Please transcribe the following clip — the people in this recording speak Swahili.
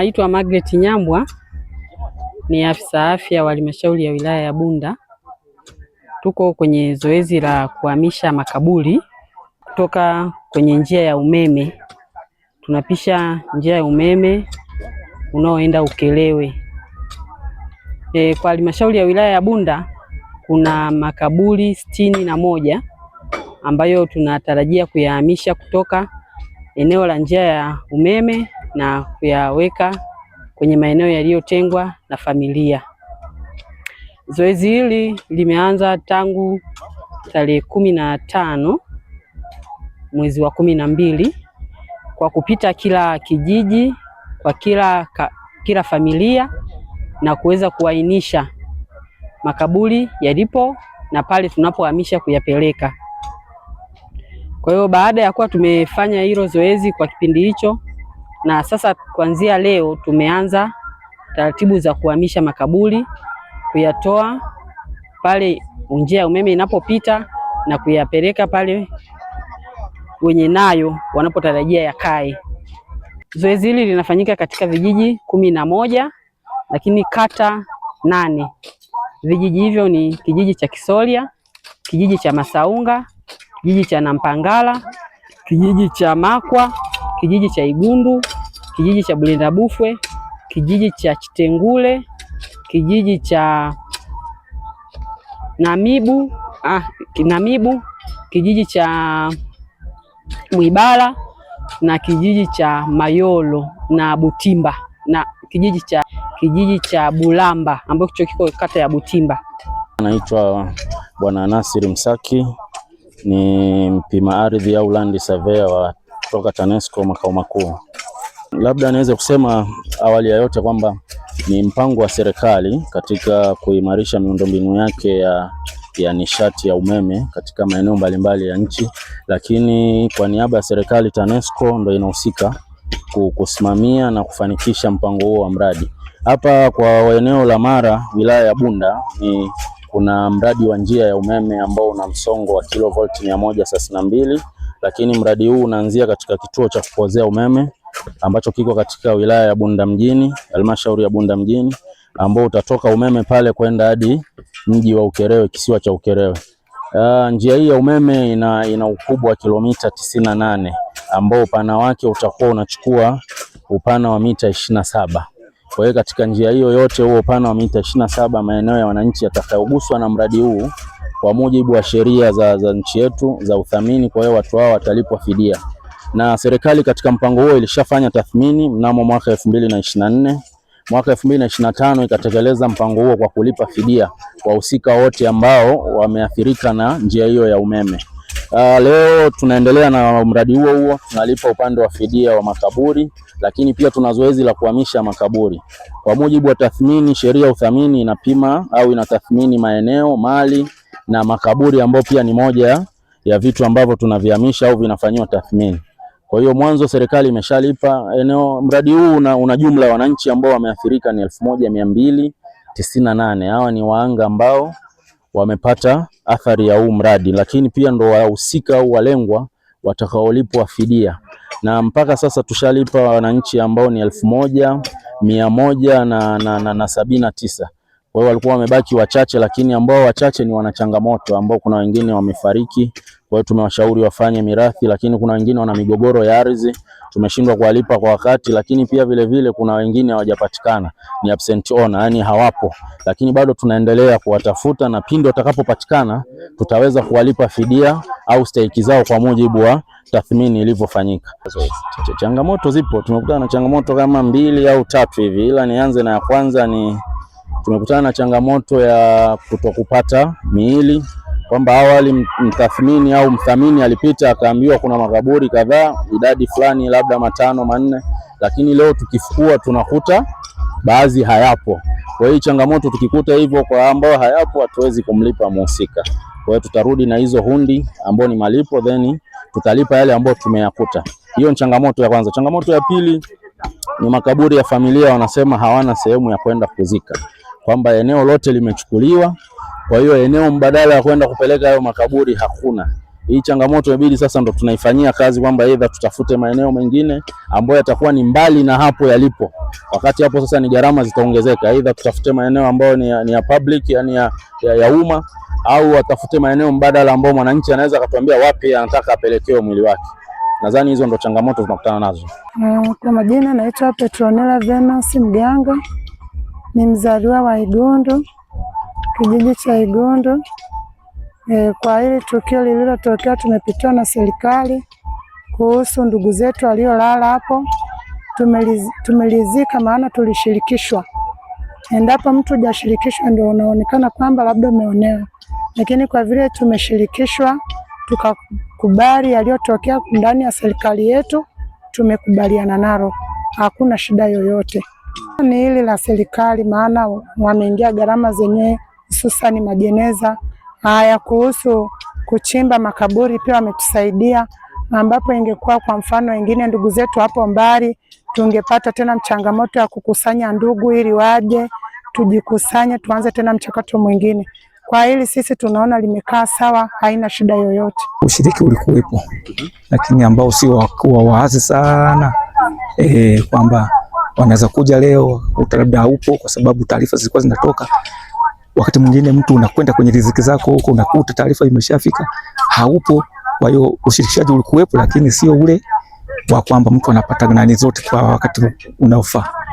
Naitwa Margaret Nyambwa, ni afisa afya wa halmashauri ya wilaya ya Bunda. Tuko kwenye zoezi la kuhamisha makaburi kutoka kwenye njia ya umeme, tunapisha njia ya umeme unaoenda Ukelewe. E, kwa halmashauri ya wilaya ya Bunda kuna makaburi sitini na moja ambayo tunatarajia kuyahamisha kutoka eneo la njia ya umeme na kuyaweka kwenye maeneo yaliyotengwa na familia. Zoezi hili limeanza tangu tarehe kumi na tano mwezi wa kumi na mbili kwa kupita kila kijiji kwa kila, ka, kila familia na kuweza kuainisha makaburi yalipo na pale tunapohamisha kuyapeleka. Kwa hiyo baada ya kuwa tumefanya hilo zoezi kwa kipindi hicho na sasa kuanzia leo tumeanza taratibu za kuhamisha makaburi, kuyatoa pale njia ya umeme inapopita na kuyapeleka pale wenye nayo wanapotarajia yakae. Zoezi hili linafanyika katika vijiji kumi na moja lakini kata nane. Vijiji hivyo ni kijiji cha Kisolya, kijiji cha Masaunga, kijiji cha Nampangala, kijiji cha Makwa, kijiji cha Igundu, kijiji cha Bulenda Bufwe, kijiji cha Chitengule, kijiji cha Namibu, ah, Namibu, kijiji cha Mwibara na kijiji cha Mayolo na Butimba na kijiji cha kijiji cha Bulamba ambacho kiko kata ya Butimba. Anaitwa Bwana Nasiri Msaki, ni mpima ardhi au land surveyor wa toka TANESCO makao makuu. Labda niweze kusema awali ya yote kwamba ni mpango wa serikali katika kuimarisha miundombinu yake ya ya nishati ya umeme katika maeneo mbalimbali ya nchi, lakini kwa niaba ya serikali TANESCO ndio inahusika kusimamia na kufanikisha mpango huo wa mradi. Hapa kwa eneo la Mara, wilaya ya Bunda, ni kuna mradi wa njia ya umeme ambao una msongo wa kilovolti mia moja thelathini na mbili, lakini mradi huu unaanzia katika kituo cha kupozea umeme ambacho kiko katika wilaya ya Bunda mjini, halmashauri ya Bunda mjini, ambao utatoka umeme pale kwenda hadi mji wa Ukerewe, kisiwa cha Ukerewe. Uh, njia hii ya umeme ina, ina ukubwa wa kilomita tisini na nane ambao upana wake utakuwa unachukua upana wa mita ishirini na saba. Kwa hiyo katika njia hiyo yote huo upana wa mita ishirini na saba, maeneo ya wananchi yatakayoguswa na mradi huu kwa mujibu wa sheria za, za nchi yetu za uthamini. Kwa hiyo watu hao watalipwa fidia na serikali katika mpango huo ilishafanya tathmini mnamo mwaka 2024. Mwaka 2025 ikatekeleza mpango huo kwa kulipa fidia wahusika wote ambao wameathirika na njia hiyo ya umeme. Uh, leo tunaendelea na mradi huo huo, tunalipa upande wa fidia wa makaburi, lakini pia tuna zoezi la kuhamisha makaburi. Kwa mujibu wa tathmini, sheria ya uthamini inapima au inatathmini maeneo, mali na makaburi, ambayo pia ni moja ya vitu ambavyo tunavihamisha au vinafanyiwa tathmini. Kwa hiyo mwanzo serikali imeshalipa eneo. Mradi huu una, una jumla ya wananchi ambao wameathirika ni elfu moja mia mbili tisini na nane. Hawa ni waanga ambao wamepata athari ya huu mradi, lakini pia ndo wahusika au walengwa watakaolipwa fidia, na mpaka sasa tushalipa wananchi ambao ni elfu moja mia moja na, na, na, na sabini na tisa. Kwa hiyo walikuwa wamebaki wachache, lakini ambao wachache ni wana changamoto, ambao kuna wengine wamefariki. Kwa hiyo tumewashauri wafanye mirathi, lakini kuna wengine wana migogoro ya ardhi, tumeshindwa kuwalipa kwa wakati, lakini pia vile vile kuna wengine hawajapatikana, ni absent owner, yani hawapo, lakini bado tunaendelea kuwatafuta na pindi watakapopatikana tutaweza kuwalipa fidia au stake zao kwa mujibu wa tathmini ilivyofanyika. Changamoto zipo, tumekutana na changamoto kama mbili au tatu hivi, ila nianze na ya kwanza ni tumekutana na changamoto ya kutokupata miili kwamba awali mtathmini au mthamini alipita akaambiwa kuna makaburi kadhaa, idadi fulani, labda matano manne, lakini leo tukifukua tunakuta baadhi hayapo. Kwa hiyo changamoto tukikuta hivyo kwa ambao hayapo, hatuwezi kumlipa mhusika. Kwa hiyo tutarudi na hizo hundi ambao ni malipo, then tutalipa yale ambayo tumeyakuta. Hiyo ni changamoto ya kwanza. Changamoto ya pili ni makaburi ya familia, wanasema hawana sehemu ya kwenda kuzika kwamba eneo lote limechukuliwa, kwa hiyo eneo mbadala ya kwenda kupeleka hayo makaburi hakuna. Hii changamoto inabidi sasa ndo tunaifanyia kazi kwamba aidha tutafute maeneo mengine ambayo yatakuwa ni mbali na hapo yalipo, wakati hapo sasa ni gharama zitaongezeka. Aidha tutafute maeneo ambayo ni ya, ni ya public yani ya, ya, ya umma au atafute maeneo mbadala ambayo mwananchi anaweza akatuambia wapi anataka apelekewe mwili wake. Nadhani hizo ndo changamoto tunakutana nazo. Kwa majina naitwa Petronella Venus Mganga, ni mzaliwa wa Igundu, kijiji cha Igundu. E, kwa hili tukio lililotokea tumepitiwa na serikali kuhusu ndugu zetu waliolala hapo. Tumeliz, tumelizika maana tulishirikishwa. Endapo mtu hujashirikishwa ndio unaonekana kwamba labda umeonewa, lakini kwa vile tumeshirikishwa tukakubali yaliyotokea ndani ya serikali yetu, tumekubaliana nalo, hakuna shida yoyote ni hili la serikali, maana wameingia gharama zenyewe, hususani majeneza haya. Kuhusu kuchimba makaburi pia wametusaidia, ambapo ingekuwa kwa mfano wengine ndugu zetu hapo mbali, tungepata tena mchangamoto ya kukusanya ndugu ili waje tujikusanye, tuanze tena mchakato mwingine. Kwa hili sisi tunaona limekaa sawa, haina shida yoyote. Ushiriki ulikuwepo, lakini ambao si wa wazi sana e, kwamba wanaweza kuja leo, labda haupo kwa sababu taarifa zilikuwa zinatoka. Wakati mwingine mtu unakwenda kwenye riziki zako huko, unakuta taarifa imeshafika, haupo. Kwa hiyo ushirikishaji ulikuwepo, lakini sio ule wa kwamba mtu anapata nani zote kwa wakati unaofaa.